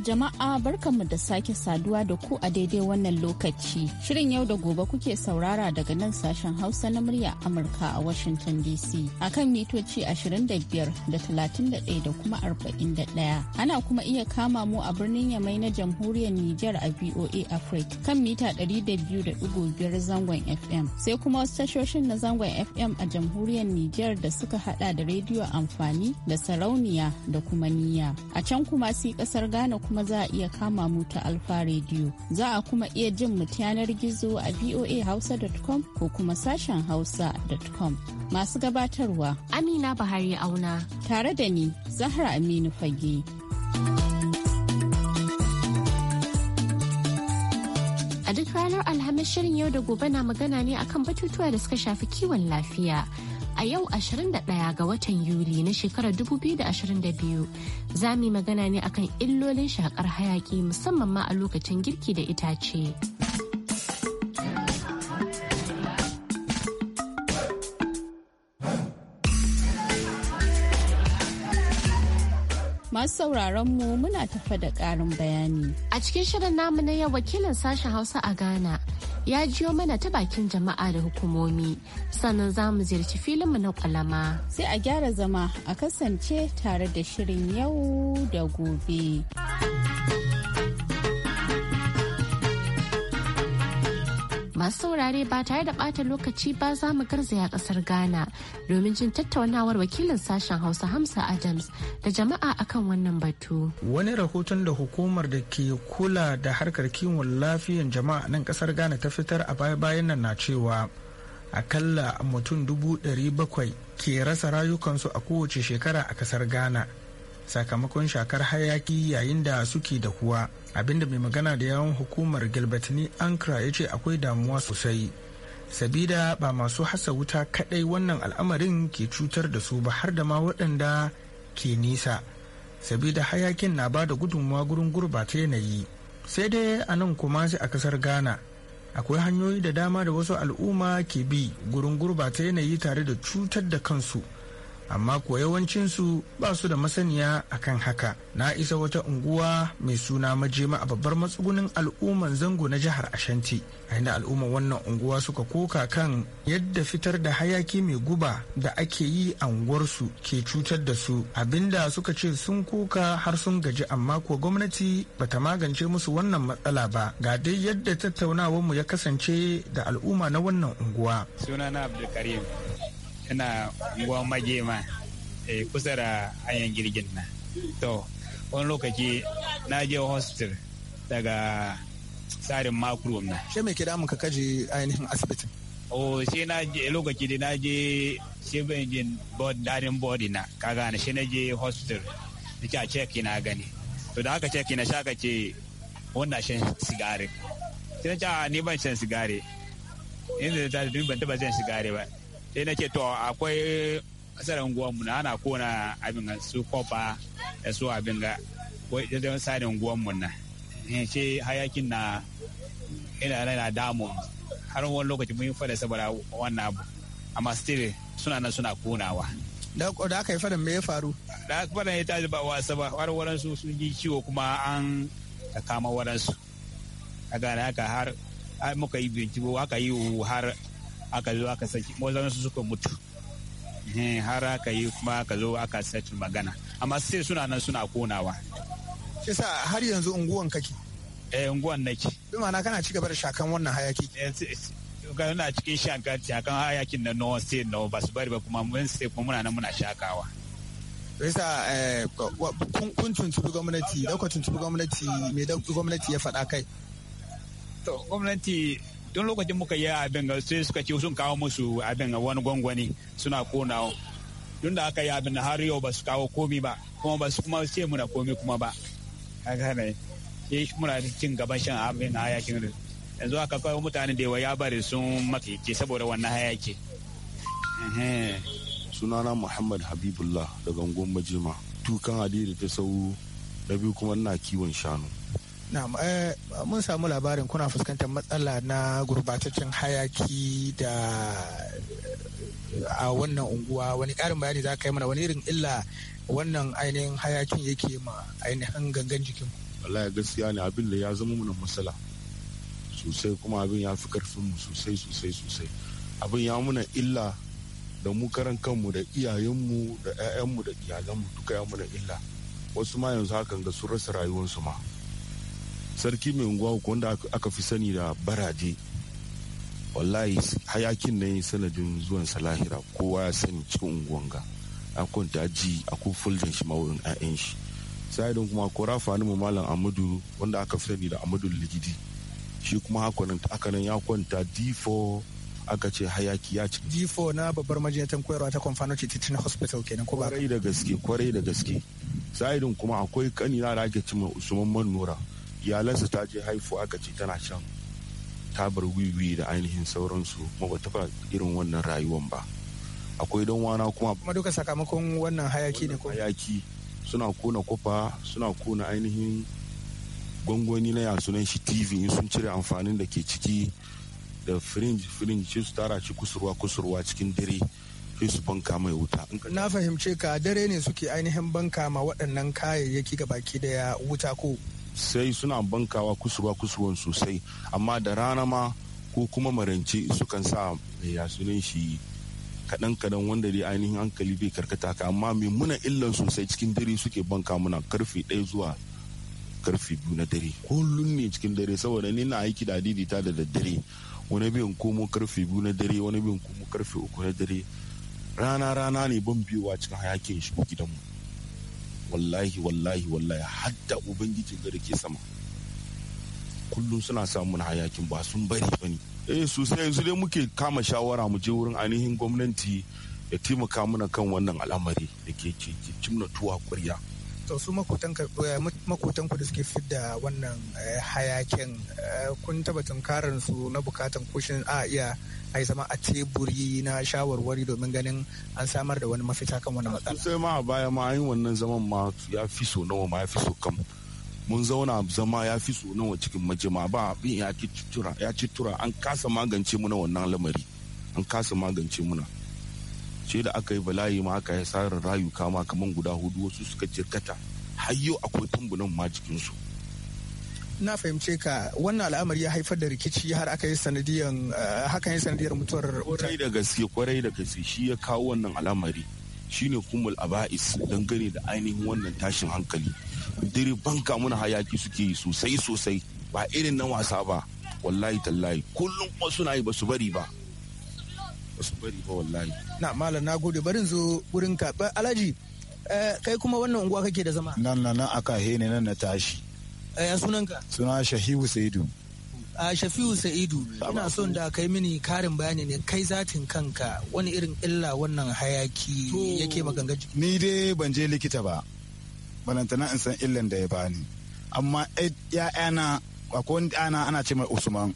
jama'a barkanmu da sake saduwa da ku a daidai wannan lokaci. Shirin yau da gobe kuke saurara daga nan sashen Hausa na murya Amurka a Washington DC a kan mitoci 25 da 31 da kuma 41. Ana kuma iya kama mu a birnin Yamai na jamhuriyar Nijar a VOA Africa kan mita 200.5 zangon FM. Sai kuma wasu tashoshin na zangon FM a jamhuriyar Nijar da suka hada da rediyo amfani da sarauniya da kuma niya. A can kuma si kasar Ghana kuma za a iya kama mu ta Alfa Radio. Za a kuma iya jin mu ta yanar gizo a voahausa.com ko kuma sashen hausa.com. Masu gabatarwa Amina Bahari Auna. Tare da ni Zahra Aminu Fage. A duk ranar Alhamis shirin yau da gobe na magana ne akan batutuwa da suka shafi kiwon lafiya. a yau 21 ga watan Yuli na shekarar 2022 za mu yi magana ne akan illolin shakar hayaki musamman ma a lokacin girki da itace. masu sauraron mu muna tafa da ƙarin bayani. A cikin shirin namu na yau wakilin sashen Hausa a Ghana ya jiyo mana ta bakin jama'a da hukumomi sannan za mu ziyarci filinmu na kwalama. Sai a gyara zama a kasance tare da shirin yau da gobe. masu saurare ba tare da bata lokaci ba za mu garzaya kasar Ghana domin jin tattaunawar wakilin sashen Hausa Hamsa Adams da jama'a akan wannan batu. Wani rahoton da hukumar da ke kula da harkar kiwon lafiyan jama'a nan kasar Ghana ta fitar a baya-bayan nan na cewa akalla mutum dubu ɗari bakwai ke rasa rayukansu a kowace shekara a kasar Ghana. sakamakon shakar hayaki yayin da suke da kuwa abinda mai magana da yawon hukumar gilbertini ankara ya ce akwai damuwa sosai sabida ba masu hasa wuta kadai wannan al'amarin ke cutar da su ba har da ma waɗanda ke nisa sabida hayakin na ba da gudunmawa gurin gurbata yanayi sai dai a nan kuma sai a kasar ghana akwai hanyoyi da dama da wasu al'umma ke bi gurin gurbata yanayi tare da cutar da kansu amma ko yawancinsu ba su da masaniya a kan haka na isa wata unguwa mai suna majema a babbar matsugunin al'umman zango na jihar ashanti a inda al'umman wannan unguwa suka koka kan yadda fitar da hayaki mai guba da ake yi a unguwarsu ke cutar da su abinda suka ce sun koka har sun gaji amma ko gwamnati bata magance musu wannan matsala ba ga dai yadda tattaunawarmu ya kasance da al'umma na wannan unguwa sunana abdulkarim ina unguwar magema eh, kusa da hanyar girgin na to wani lokaci na je hostel daga tsarin makro na shi mai kira muka kaji ainihin asibitin o oh, shi na je lokaci da na je shi ban je darin body na ka gane shi na je hostel da ke a check na gani to da aka check na ka ce wannan shan sigari na ta ni ban shan sigari inda ta ban taba shan sigari ba sai nake to akwai kasar unguwanmu na ana kona abin ga su kofa da su abin ga wajen sare unguwanmu na ce eh, hayakin na ina na damu har wani lokaci mun yi fada saboda wannan abu amma still suna nan suna konawa da aka yi fadan me ya faru da aka fadan ya tashi ba wasa ba har waransu sun ji ciwo kuma an kama waransu a gara haka har muka yi bincike ka yi har aka zo aka saki wajen su suka mutu eh, har aka yi kuma aka zo aka saki magana amma sai suna nan suna konawa shi sa har yanzu unguwan kake eh unguwan nake bi ma'ana kana ci gaba da shakan wannan hayaki eh, na cikin shakan shakan hayakin na nawa sai nawa ba su bari ba kuma mun sai kuma muna nan muna shakawa bisa eh, kun tuntubi gwamnati lokacin tuntubi gwamnati me da gwamnati ya faɗa kai to gwamnati tun lokacin muka yi abin sai suka ce sun kawo musu abin wani gwangwani suna konawa tun da aka yi abin har yau ba su kawo komi ba kuma ba su kuma sai muna komi kuma ba ka gane yi muna cin gaban shan abin a hayakin yanzu aka kawo mutane da yawa ya bari sun ce saboda wannan hayaki sunana muhammad habibullah daga unguwar majima tukan hadiri ta sau da biyu kuma ina kiwon shanu Eh, mun samu labarin kuna fuskantar matsala na gurbataccen hayaki da eh, a wannan unguwa wani ƙarin bayani za ka yi mana wani irin illa wannan ainihin hayakin yake ma ainihin gangan jikin wallahi gaskiya ne abin da ya zama mana matsala sosai kuma abin ya fi karfin mu sosai sosai sosai abin ya muna illa da mu karan kanmu da iyayenmu da 'ya'yanmu da iyalanmu duka ya muna illa wasu ma yanzu hakan ga sun rasa rayuwarsu ma sarki mai unguwa wanda aka fi sani da baraje wallahi hayakin na yi sanadin zuwan salahira kowa ya sani cikin unguwan ga akon daji akon fuljan shi mawurin ayan shi sai kuma ko rafa mu malam amadu wanda aka fi sani da amadu ligidi shi kuma haka nan ya kwanta d4 aka ce hayaki ya ci d4 na babbar majinatan koyarwa ta ce titin hospital kenan ko ba kwarai da gaske kwarai da gaske sa'idin kuma akwai kanina da ake cimma usman manura iyalansa ta je haifu aka ce tana shan tabar wiwi da ainihin sauransu kuma ba ta irin wannan rayuwan ba akwai don wana kuma kuma duka sakamakon wannan hayaki ne ko hayaki suna kona kwafa suna kona ainihin gwangwani na yasunan shi tv in sun cire amfanin da ke ciki da fringe shi su tara shi kusurwa kusurwa cikin dare sai su banka mai wuta. Na fahimce ka dare ne suke ainihin banka ma waɗannan kayayyaki ga baki daya wuta ko? sai suna bankawa kusurwa kusurwan sosai amma da rana ma ko kuma marance sukan sa yasunan shi kadan kadan wanda dai ainihin hankali bai karkata ka amma mai muna illan sosai cikin dare suke banka muna karfe ɗaya zuwa karfe biyu na dare kullum ne cikin dare saboda ni na aiki da adidita da daddare wani biyan komo karfe biyu na dare wani biyan komo karfe uku na dare rana rana ne ban biyowa cikin hayakin shigo gidanmu wallahi wallahi wallahi hadda ubangiji da rike sama kullum suna samun hayakin ba sun bari ba ne eh sosai yanzu dai muke kama shawara mu je wurin ainihin gwamnati ya taimaka mana kan wannan al'amari da ke cimna tuwa kwarya to su makotanku eh, da suke fidda wannan eh, hayakin eh, kun taba tunkarar su na bukatan kushin a iya a zama a teburi na shawarwari domin ganin an samar da wani mafita kan wani matsala. sai ma a baya ma yin wannan zaman ma ya fi so nawa ma ya fi so kam mun zauna zama ya fi so nawa cikin majima ba abin ya ci tura ya ci tura an kasa magance muna wannan lamari an kasa magance muna ce da aka yi bala'i ma aka yi sarar rayuka ma kamar guda hudu wasu suka jirkata har yau akwai tumbunan ma jikinsu. su na fahimce ka wannan al'amari ya haifar da rikici har aka yi sanadiyan eh, hakan ya sanadiyar mutuwar kwarai da gaske kwarai da gaske shi ya kawo wannan al'amari shine kumul aba'is dangane da ainihin wannan tashin hankali dare banka muna hayaki suke yi sosai sosai ba irin na wasa ba wallahi tallahi kullum kuma suna yi ba su bari ba ba su bari ba wallahi na malam na gode barin zo wurin ka alhaji eh, kai kuma wannan unguwa kake da zama nan nan aka hene nan na tashi ya eh, sunanka suna Shafi'u sa'idu a shafiu sa'idu ina son da kai mini karin bayani ne kai zatin kanka wani irin illa wannan hayaki yake maganga ni dai ban je likita ba balantana in san illan da ya bani amma ana, akwai wani ɗana ana ce mai usman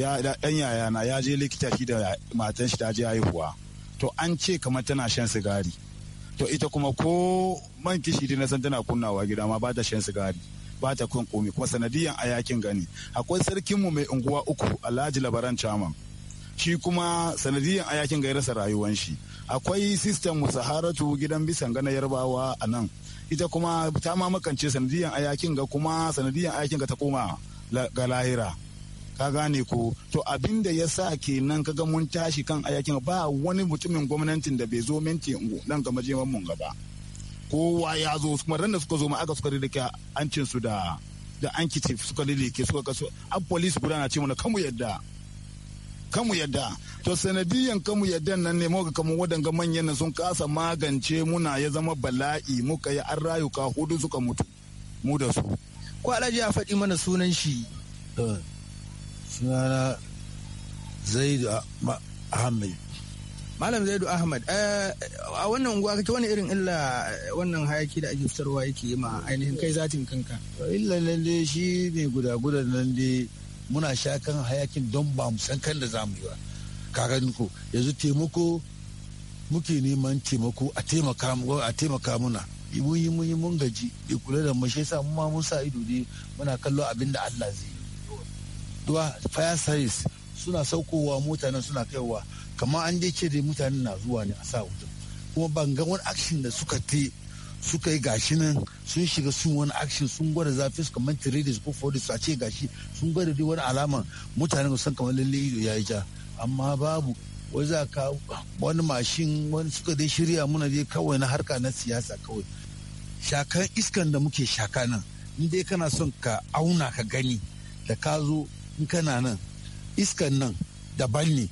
ya ɗan yayana ya je likita shi da matan shi ta je haihuwa to an ce kamar tana shan sigari to ita kuma ko man kishi na san tana kunnawa gida ma ba ta shan sigari ba ta kun komi kuma sanadiyan a yakin gani akwai sarkinmu mai unguwa uku alhaji labaran chairman shi kuma sanadiyan a yakin gai rasa rayuwan shi akwai mu musaharatu gidan bisan gana yarbawa a nan ita kuma ta ma makance sanadiyan yakin ga kuma sanadiyan yakin ga ta koma ga lahira ka gane ko to abin da ya sa kenan kaga mun tashi kan ayakin ba wani mutumin gwamnatin da bai zo minti nan ga majeman mun gaba kowa ya zo kuma ran da suka zo ma aka suka ririke an su da da kice suka ririke suka kaso an police guda na ce mana kamu yadda kamu yadda to sanadiyan kamu yadda nan ne ga kamar wadanga manyan nan sun kasa magance muna ya zama bala'i muka yi an rayuka hudu suka mutu mu da su ko alhaji ya faɗi mana sunan shi eh, sunana zaidu ahmed malam zaidu ahmad eh, a wannan unguwa kake wani irin illa eh, wannan hayaki da ake fitarwa yake yi ma ainihin kai zatin kanka illa nan dai shi ne guda guda nan dai muna shakan hayakin don ba mu san kan da za mu yi ba kakan ko yanzu taimako muke neman taimako a taimaka a taimaka muna mun yi mun yi mun gaji da kula da mu shi yasa ma mun sa ido ne muna kallo abin da Allah zai yi duwa fire service suna saukowa mota nan suna kaiwa kamar an je ce dai mutanen na zuwa ne a sa wutan kuma ban ga wani action da suka te suka yi gashi nan sun shiga sun wani action sun gwada zafi su kamar tirade ko fodis a ce gashi sun gwada dai wani alaman mutane san kamar lalle ido ya yi ja amma babu wai za ka wani mashin wani suka dai shirya muna dai kawai na harka na siyasa kawai shakan iskan da muke shaka nan in dai kana son ka auna ka gani da ka zo in kana nan iskan nan daban ne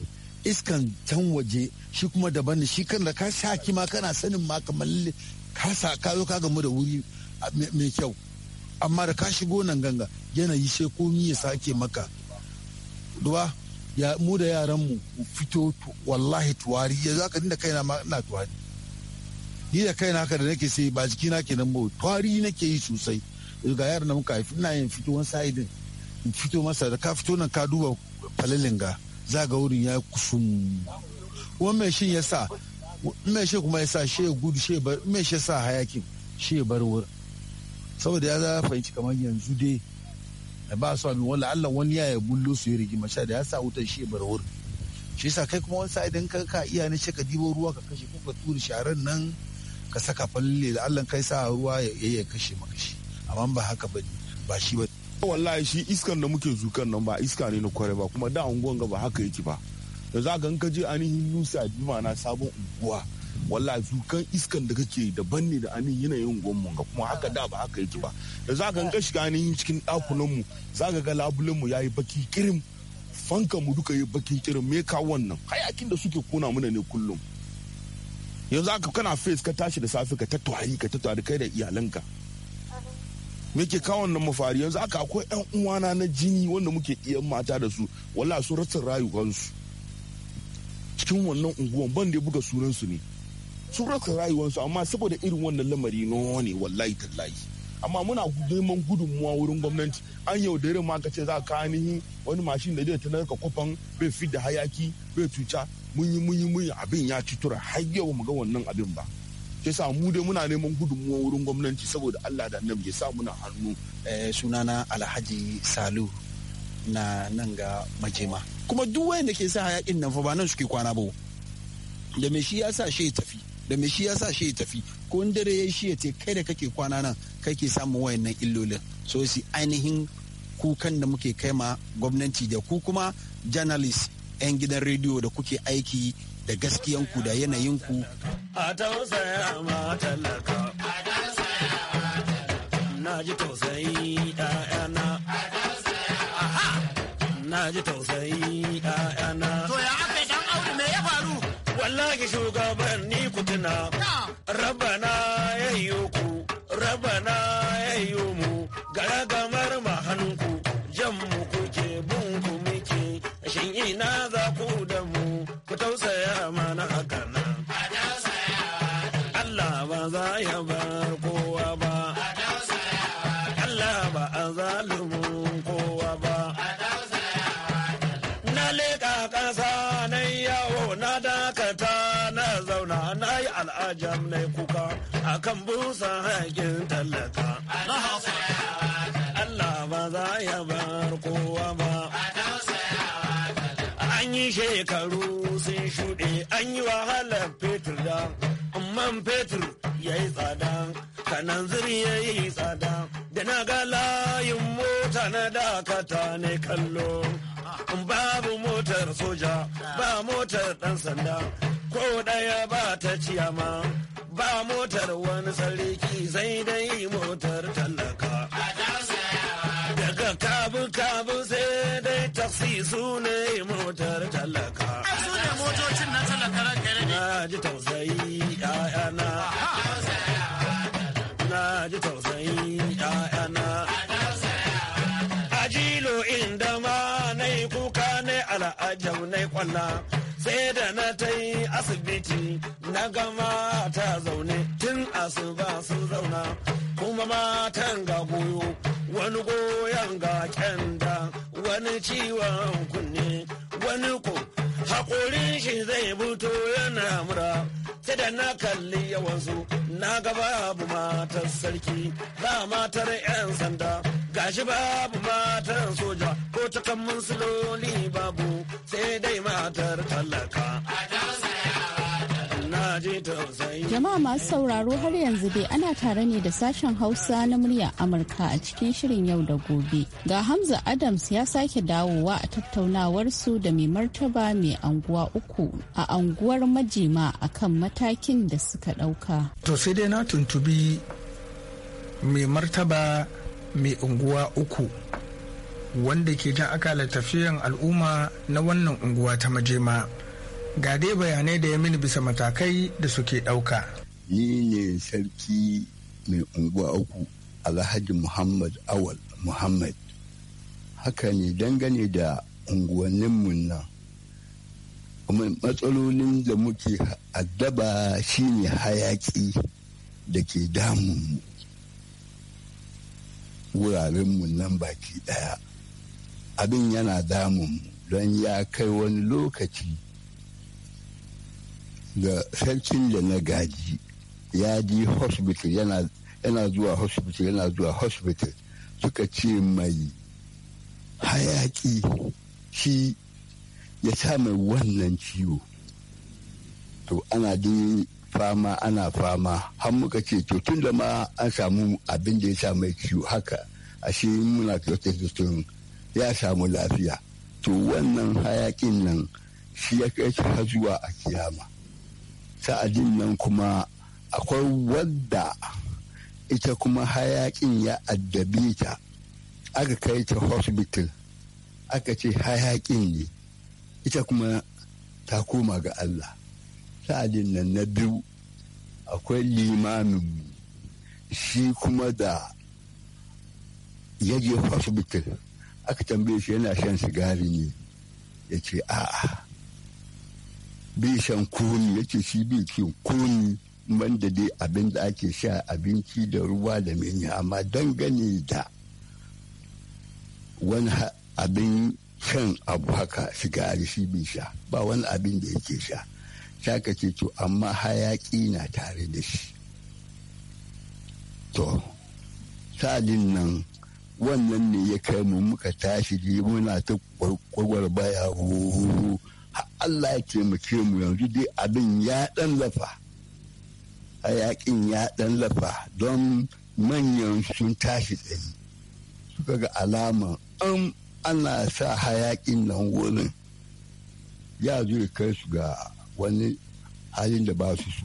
iskan can waje shi kuma daban ne shi kan da ka shaki ma kana sanin ma kamar ka sa ka zo ka gamu da wuri mai kyau amma da ka shigo nan ganga yanayi sai komi ya sake maka duba ya mu da yaran mu fito wallahi tuwari yanzu haka da kaina ma ina tuwari ni da kaina haka da nake sai ba jiki na kenan mu tuwari nake yi sosai ga yaran mu muka haifi ina yin fito wani sa'idin in fito masa da ka fito nan ka duba falalin ga za ga wurin ya kusum kuma mai shin ya sa mai shi kuma ya sa shi ya gudu shi bar mai shi sa hayakin shi ya bar wurin saboda ya za fahimci kamar yanzu dai ba su amin wala Allah wani ya ya bullo su ya rigima sha da ya sa wutar shi ya bar wurin shi yasa kai kuma wani idan ka ka iya ne ka dibo ruwa ka kashe ko ka tura sharan nan ka saka falle da Allah kai sa ruwa ya ya kashe maka shi amma ba haka ba ba shi ba wallahi shi iskan da muke zukan nan ba iska ne na kware ba kuma da unguwan ba haka yake ba da za ka ka je ainihin nusa bima na sabon unguwa wallahi zukan iskan da kake daban ne da ainihin yanayin unguwan mu kuma haka da ba haka yake ba da za ka ga shiga ainihin cikin dakunan mu za ka ga labulen mu yayi baki kirim fanka mu duka yi baki kirim me ka wannan hayakin da suke kona mana ne kullum yanzu aka kana face ka tashi da safe ka tattwari ka tattwari kai da iyalanka me ke kawo wannan mafari yanzu aka akwai yan uwana na jini wanda muke iya mata da su wala sun rasa cikin wannan unguwan ban da buga sunansu ne sun rasa rayuwansu amma saboda irin wannan lamari no ne wallahi tallahi amma muna neman gudunmuwa wurin gwamnati an yaudare ma ka ce za ka ainihi wani mashin da zai tanar ka kofan bai fi da hayaki bai cuta mun yi mun abin ya cutura tura har yau mu ga wannan abin ba yasa mu dai muna neman gudunmuwa wurin gwamnati saboda Allah da annabi ya sa muna hannu eh, sunana Alhaji Salu na nan ga majema kuma duk wayanda ke sa hayakin nan fa ba nan suke kwana ba da me shi ya sa shi tafi da me shi ya sa shi ya tafi ko in dare ya shi ya ce kai da kake kwana nan kai ke samun wayannan illolin so si ainihin kukan da muke kai ma gwamnati da ku kuma journalist 'yan gidan rediyo da kuke aiki da gaskiyanku da yanayin ku. A tausaya ma talaka. Na ji tausayi ɗayana. Na ji tausayi 'ya'na. To ya aka dan auri me ya faru? Wallahi shugaban ni kutuna. Rabana ya yi jamnai kuka akan busa haƙin tallata, Allah ba za ya bar kowa ba. An yi shekaru sun shuɗe an yi wahalar fetur da, amman fetur ya yi tsada. kanan zuri ya yi tsada da na ga layin mota na dakata ne kallo babu motar soja ba motar dan sanda ko daya ba ta ciyama ba motar wani sarki sai dai motar talaka. daga kabu kabu sai dai taksi su ne motar talaka. su ne motocin na tallaka ranke ne ji tausayi 'ya'yana na ji tausayin ƴaƴana ajilo inda ma na yi kuka na al'ajau na kwalla sai da na ta yi asibiti na gama ta zaune tun asuba sun zauna kuma matan ga goyo wani goyon ga kyanda wani ciwon kunne wani ko haƙorin shi zai buto yana mura sai da na kalli yawansu na ga babu matar sarki ba matar 'yan sanda gashi babu matar soja ko ta kan siloli babu sai dai matar talaka. Jama'a masu sauraro har yanzu dai ana tare ne da sashen Hausa na muryar Amurka a cikin shirin yau da gobe. Ga Hamza Adams ya sake dawowa a tattaunawar su da mai martaba mai anguwa uku a anguwar majima a kan matakin da suka ɗauka. To sai dai na tuntubi mai martaba mai unguwa uku wanda ke jan akala tafiyan al'umma na wannan unguwa ta majema. ga dai bayanai da ya mini bisa matakai da suke ɗauka. Ni ne sarki mai unguwa uku Alhaji Muhammad Awal Muhammad. Haka ne dangane da unguwanninmu nan. matsalolin da muke addaba shine hayaki da ke damun wurarenmu nan baki daya abin yana damun don ya kai wani lokaci da sarkin da na gaji ya ji hospital yana zuwa hospital yana zuwa hospital suka ce mai hayaki shi ya sa mai wannan ciwo to ana dai fama ana fama har muka ce to tun da ma an samu abin da ya sa mai ciwo haka ashe muna kyautar ya samu lafiya to wannan hayakin nan shi ya kai har zuwa a kiyama sa'adin nan kuma akwai wadda ita kuma hayakin ya addabi ta aka kai ta hospital aka ce hayakin ne ita kuma ta koma ga Allah sa'adin nan na biyu akwai limamin shi kuma da yaje hospital aka tambaye shi yana shan sigari ne ya ce a'a bai shan kuni yake shi bai cin kuni wanda dai abin da ake sha abinci da ruwa da menye amma dangane da wani abin shan abu haka sigari shi bai sha ba wani abin da yake sha shaka ce to amma hayaki na tare da shi to salin nan wannan ne ya kai mu muka tashi muna ta kwarkwar baya Allah ya taimake mu yanzu dai abin ya dan lafa yakin ya dan lafa don manyan sun tashi tsaye suka ga alama an ana sa hayakin nan wurin ya ya kai su ga wani halin da ba su so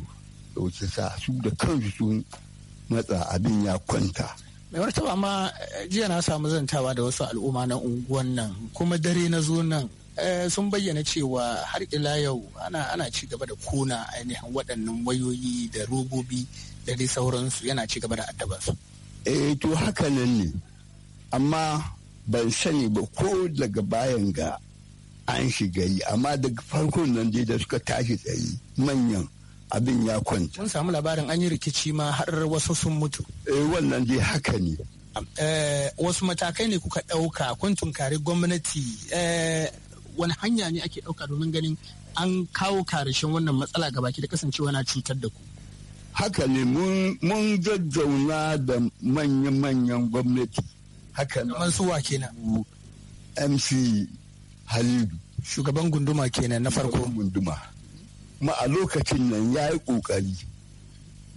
da wuce sa su da kansu sun matsa abin ya kwanta mai martaba ma jiya na samu zantawa da wasu al'umma na unguwan nan kuma dare na zo nan Eh, sun bayyana cewa har ila yau ana ci gaba da kona ainihin waɗannan wayoyi da robobi da dai sauransu yana ci gaba da addabansu. eh to haka nan ne amma ban sani ba ko daga bayan ga an shiga yi amma daga farkon nan dai da suka tashi tsaye manyan abin ya kwanta. Mun samu labarin an yi rikici ma har wasu sun mutu. Eh wannan dai haka ne. Eh, wasu matakai ne kuka ɗauka kun tunkari gwamnati eh, wani hanya ne ake ɗauka domin ganin an kawo karshen wannan matsala ga baki da kasancewa na cutar da ku. Haka ne mun jajjauna da manya-manyan gwamnati. Haka ne. Mansuwa kenan. MC Halidu. Shugaban gunduma kenan na farko. gunduma. Ma a lokacin nan ya yi ƙoƙari.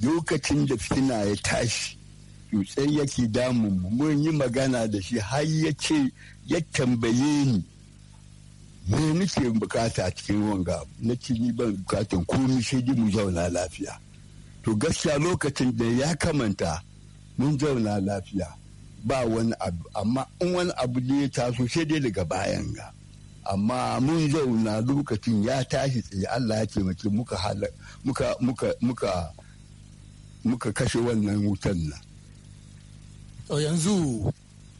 Lokacin da fitina ya tashi. Yutsai yake damun mun yi magana da shi har ya ce ya tambaye ni. me nake bukata cikin wanga na ni ban bukatan komi sai dai mu zauna lafiya to gaskiya lokacin da ya kamanta mun zauna lafiya ba wani abu amma in wani abu ne ya taso sai dai daga bayan ga amma mun zauna lokacin ya tashi tsaye Allah ya taimake muka muka muka muka muka kashe wannan wutan nan to yanzu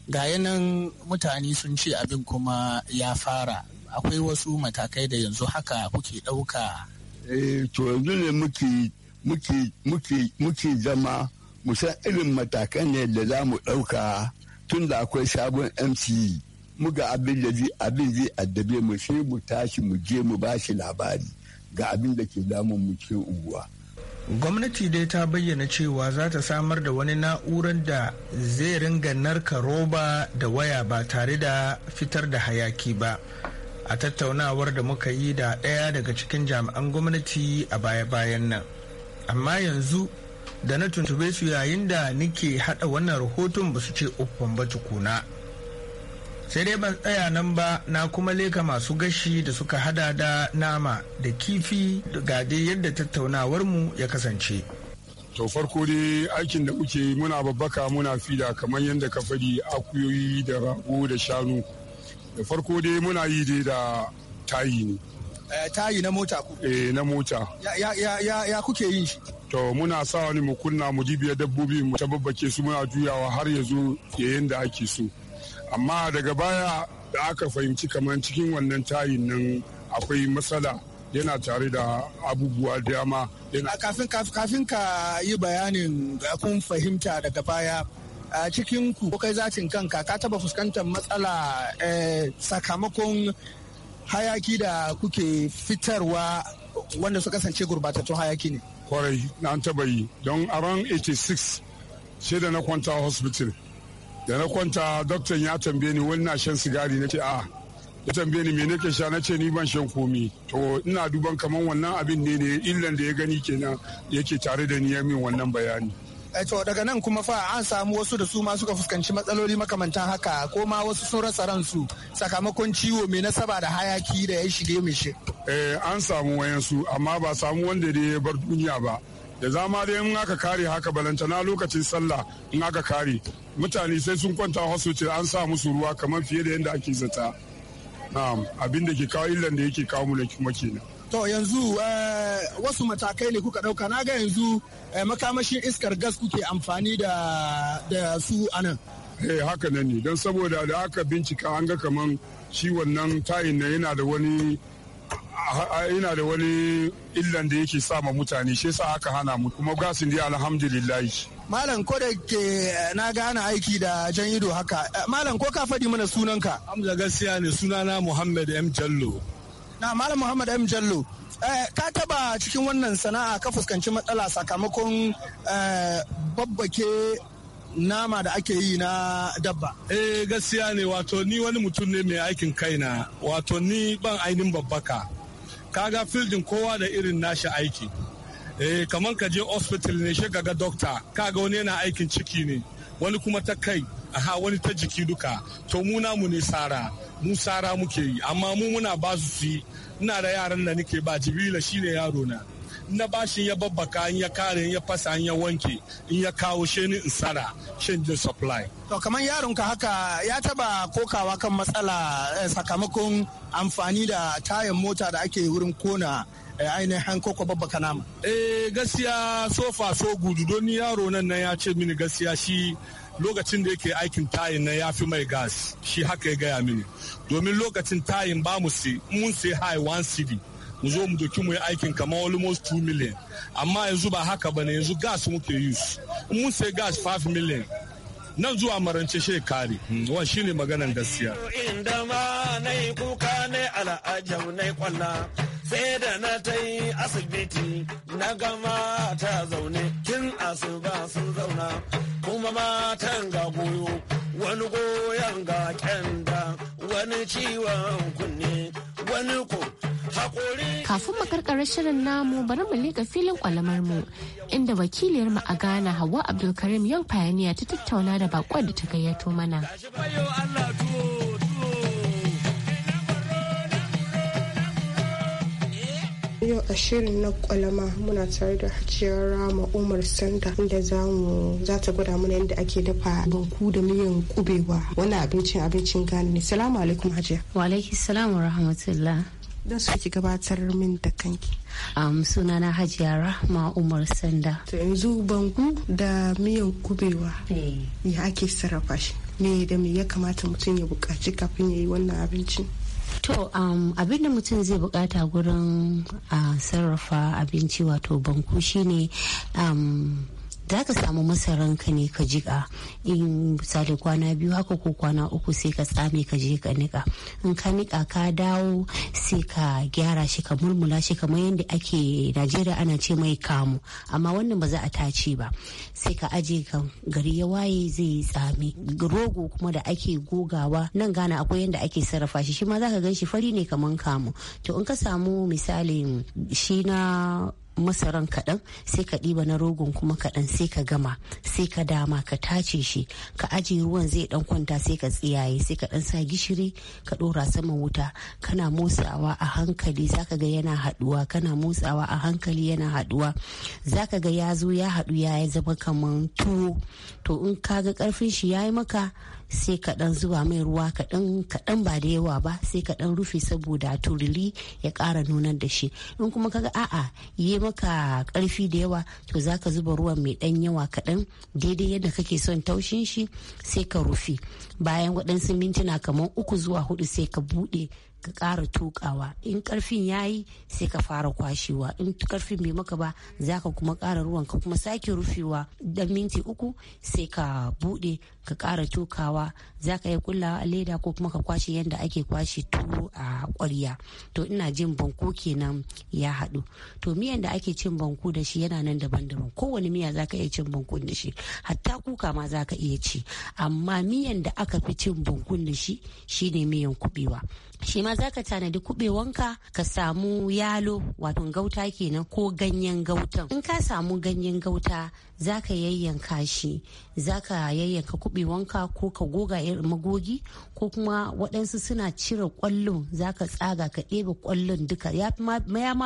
ga yanan mutane sun ce abin kuma ya fara akwai wasu matakai da yanzu haka kuke ɗauka. Eh, to yanzu ne muke zama mu san zama musan irin matakan ne da za mu ɗauka tun da akwai sabon mc muga abin da zai zai addabe mu sai mu tashi mu je mu ba shi labari ga abin da ke damun mu cikin unguwa. gwamnati dai ta bayyana cewa za ta samar da wani na'urar da zai ringa narka roba da waya ba tare da fitar da hayaki ba a tattaunawar da muka yi da ɗaya daga cikin jami'an gwamnati a baya-bayan nan amma yanzu da na tuntube su yayin da nike haɗa wannan rahoton ba su ce uffan ba tukuna sai dai ban tsaya nan ba na kuma leka masu gashi da suka hada da nama da kifi ga dai yadda tattaunawar mu ya kasance to farko dai aikin da muke muna babbaka muna fida kamar yadda ka faɗi akuyoyi da rago da shanu da farko dai muna yi dai da tayi ne eh, tayi na mota ku eh na mota ya kuke yin shi to muna sa wani mu kunna mu jibiya dabbobi mu ta babbake su muna juyawa har ya zo yayin da ake so amma daga baya da aka fahimci kamar cikin wannan tayin nan akwai matsala yana tare da abubuwa dama kafin kafin ka yi bayanin kun fahimta daga baya a cikin ku ko kai zatin kanka ka taba fuskantar matsala eh, sakamakon hayaki da kuke fitarwa wanda su kasance gurbatattun hayaki ne kwarai na an taba yi don Aron 86 sai da na kwanta hospital da na kwanta doktan ya tambaye ni wani na shan sigari na ce a ya tambaye ni me nake sha na ce ni ban shan komi to ina duban kamar wannan abin ne ne illan da ya gani kenan yake tare da ni ya min wannan bayani Eh, to daga nan kuma fa an samu wasu da su ma suka fuskanci matsaloli makamantan haka ko ma wasu sun rasa ransu sakamakon ciwo mai nasaba da hayaki da ya shige mishi. Eh an samu wayansu amma ba samu wanda da ya bar duniya ba. Da zama dai in aka kare haka balantana lokacin sallah in aka kare mutane sai sun kwanta hospital an sa musu ruwa kamar fiye da yadda ake zata. Na'am abin da ke kawo illan da yake kawo mu kuma kenan. To yanzu eh, wasu matakai ne kuka ɗauka na ga yanzu eh, makamashin iskar gas kuke amfani da su anan. Hey, eh, haka nan ne don saboda da aka bincika an ga kaman shi wannan tayin na yana da wani yana da wani illan da yake sama mutane shi sa aka hana mu kuma gasin dai alhamdulillah malam ko da ke na gana aiki da jan ido haka malam ko ka faɗi mana sunanka hamza gaskiya ne sunana muhammad m jallo Na Malam Muhammad M Jallo. Eh, ka taba cikin wannan sana'a ka fuskanci matsala sakamakon eh, babbake nama da ake yi na dabba. Eh gaskiya ne wato ni wani mutum ne mai aikin kai na, wato ni ban ainihin babbaka. Kaga fildin kowa da irin nashi aiki. Eh kaman ka je hospital ne shi ga dokta kaga wani yana aikin ciki ne wani kuma ta kai aha wani ta jiki duka to mu namu ne sara mu sara muke yi amma mu muna ba su su yi ina da yaran da nake ba jibila ne yaro na na bashi ya babbaka an ya kare ya fasa an ya wanke in ya kawo shi ni in sara change supply to kamar yaron ka haka ya taba kokawa kan matsala eh, sakamakon amfani da tayan mota da ake wurin kona eh, ainihin koko babbaka nama eh gaskiya sofa so gudu don yaro nan ya ce mini gaskiya shi lokacin da yake aikin tayin na ya fi mai gas shi haka ya gaya mini domin lokacin tayin ba mu sai mun sai high one CD. mu zo mu doki mu yi aikin kamar almost 2 million amma yanzu ba haka ne yanzu gas muke use mun sai gas 5 million nan zuwa marance shi kare wa shine maganan gaskiya inda ma kuka ne kwalla sai da na ta yi asibiti na gama ta zaune kin asuba sun zauna kuma matan ga goyo wani goyon ga kyanda wani ciwon kunne wani ko Kafin mu karkarar shirin namu bari mu lika filin kwalamar mu inda wakiliyar mu a Ghana Hauwa Abdulkarim yau Pioneer ta tattauna da bako da ta gayyato mana. yau a shirin na kwalama muna tare da hajiyar rama umar sanda inda za mu za ta gwada mana yadda ake dafa banku da miyan kubewa wannan abincin abincin gani ne salamu alaikum hajiya wa a'laiki salam wa rahmatullah don su ki gabatar min da kanki um, sunana hajiya rahma umar sanda to yanzu bangu da miyan kubewa eh. ya ake sarrafa shi me da me ya kamata mutum ya buƙaci kafin ya yi wannan abincin To um, abin da mutum zai bukata gurin uh, sarrafa abinci wato banku shine um, za ka samu masaranka ne ka jiƙa in misali kwana biyu haka ko kwana uku sai ka tsame ka je ka niƙa in ka niƙa ka dawo sai ka gyara shi ka mulmula shi kamar yadda ake najeriya ana ce mai kamu amma wannan ba za a tace ba sai ka aje ka gari ya waye zai yi tsami rogo kuma da ake gogawa nan gana akwai yadda ake sarrafa shi shi ma za ka gan shi fari ne kamar kamu to in ka samu misali shi na masaran kaɗan sai ka ɗiba na rogon kuma kaɗan sai ka gama sai ka dama ka tace shi ka ajiye ruwan zai ɗan kwanta sai ka tsiyaye sai ka ɗan sa gishiri ka ɗora saman wuta kana motsawa a hankali zaka ga yana haɗuwa kana motsawa a hankali yana haɗuwa zaka ga ya zo ya haɗu ya zama kaman tuwo to in ka ga ƙarfin shi ya yi maka sai kaɗan zuwa mai ruwa kaɗan ba da yawa ba sai kaɗan rufe saboda turuli ya ƙara nunar da shi in kuma kaga a'a yi maka ƙarfi da yawa to za ka zuba ruwan mai ɗan yawa kaɗan daidai yadda kake son taushin shi sai ka rufe bayan waɗansu mintuna kamar uku zuwa hudu sai ka buɗe ka ƙara tukawa in karfin ya yi sai ka fara kwashewa in karfin bai maka ba za ka kuma ƙara ruwan ka kuma sake rufewa dan minti uku sai ka buɗe ka ƙara tukawa za ka yi kullawa a leda ko kuma ka kwashe yadda ake kwashe tuwo a ƙwarya to ina jin banku kenan ya haɗu to miyan da ake cin banku da shi yana nan daban-daban kowane miya za ka iya cin bankun da shi hatta kuka ma za ka iya ci amma miyan da aka fi cin bankun da shi shine miyan kuɓewa shi ma zaka za ka tanadi kubewanka ka samu yalo wato gauta kenan ko ganyen gauta in ka samu ganyen gauta za ka yayyanka shi za ka yayyanka kubewanka ko ka goga irin magogi ko kuma waɗansu suna cire kwallon za ka tsaga ka ɗebe kwallon duka ya ma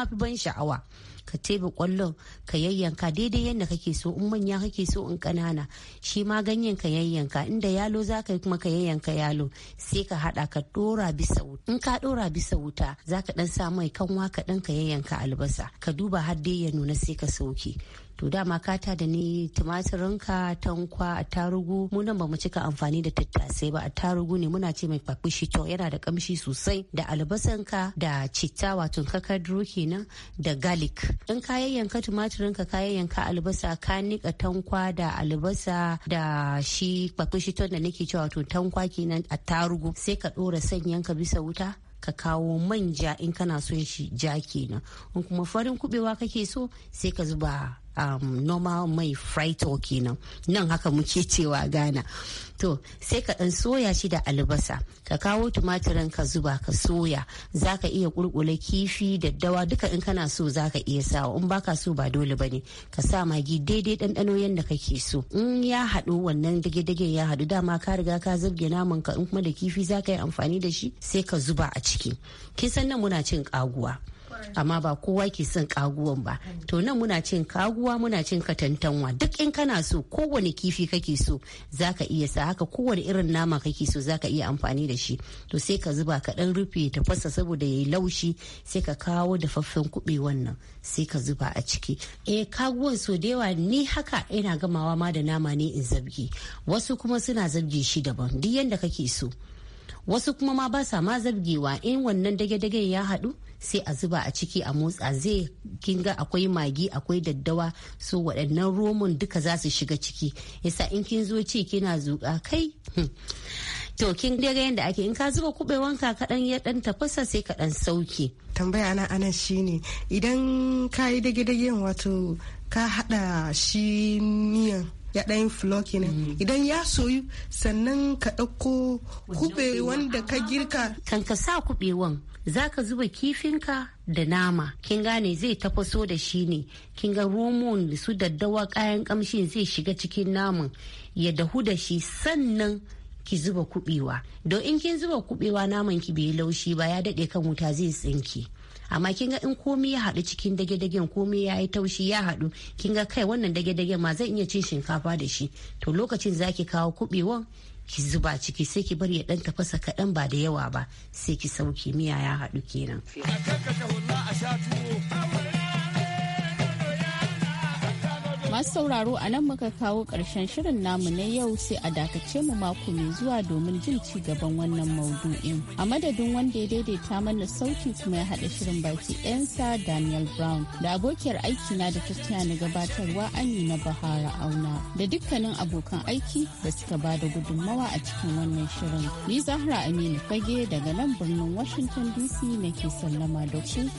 fi ban sha'awa ka tebe kwallon ka yayyanka daidai yadda kake so in manya kake so in kanana shi ma ganyen ka yayyanka inda yalo za ka yi kuma ka yayyanka yalo sai ka hada ka dora bisa wuta in ka dora bisa wuta za ka dan sa mai kanwa ka dan ka yayyanka albasa ka duba har dai ya nuna sai ka sauke to dama kata da ni tumatirinka tankwa attarugu mu nan bamu cika amfani da tattasai ba A tarugu ne muna ce mai kwakwishi to yana da kamshi sosai da albasan ka da citta wato kakaduro kenan da garlic in ka yayyanka tumatirinka ka yayyanka albasa ka nika tankwa da albasa da shi kwakwishi to da nake cewa wato tankwa kenan a tarugu. sai ka dora sanyanka bisa wuta ka kawo manja in kana son shi ja kenan in kuma farin kubewa kake so sai ka zuba um, normal mai frito kenan nan haka muke cewa gana to sai ka ɗan soya shi da albasa ka kawo tumatirin ka zuba ka soya zaka iya kurkula kifi da dawa duka in kana so zaka iya sawa in baka so ba dole ba ne ka sa magi daidai ɗanɗano yanda kake so in ya haɗu wannan dage-dage ya haɗu dama ka riga ka zubge naman ka in kuma da kifi zaka yi amfani da shi sai ka zuba a ciki kin san nan muna cin kaguwa amma ba kowa ke son kaguwan ba to nan muna cin kaguwa muna cin katantanwa duk in kana so kowane kifi kake so zaka iya sa haka kowane irin nama kake so zaka iya amfani da shi to sai ka zuba ka dan rufe ta fasa saboda yayi laushi sai ka kawo dafaffen kube wannan sai ka zuba a ciki eh kaguwan so da yawa ni haka ina gamawa ma da nama ne in zabge wasu kuma suna zabge shi daban duk yanda kake so wasu kuma ma ba sa ma zabgewa in wannan dage-dage ya haɗu sai a zuba a ciki a motsa zai kinga akwai magi akwai daddawa so waɗannan romon duka za su shiga ciki yasa in kin zo ci kina zuƙa kai hmm. to kin daga yadda ake in ka zuba wanka kaɗan ya ɗan tafasa sai ka ɗan sauke tambaya na anan shine idan ka yi dage-dage wato ka haɗa shi miyan ya ɗayin fulo ne mm. idan ya soyu sannan ka ɗauko kube wanda ka girka kan ka sa kuɓewan za ka zuba kifinka da nama kin gane zai tafaso da shi ne kin ga roman su daddawa kayan kamshin zai shiga cikin naman ya dahu da shi sannan ki zuba kubewa don in kin zuba kubewa naman ki bai laushi ba ya dade kan wuta zai tsinki amma kin ga in komai ya haɗu cikin dage-dagen komai ya yi taushi ya haɗu kin ga kai wannan dage-dagen ma zan iya cin shinkafa da shi to lokacin zaki kawo kubewan ki zuba ciki sai ki bari ya dan tafasa kaɗan ba da yawa ba sai ki sauke miya ya haɗu kenan. Masu sauraro a nan muka kawo ƙarshen shirin namu na yau sai a dakace mu mako mai zuwa domin jin ci gaban wannan maudu'in. A madadin wanda ya daidaita mana sauti kuma ya haɗa shirin baki ɗansa Daniel Brown da abokiyar aiki na da ta na gabatarwa Amina Bahara Auna da dukkanin abokan aiki da suka ba da gudunmawa a cikin wannan shirin. Ni Zahra amina Fage daga nan birnin Washington DC nake sallama da ku.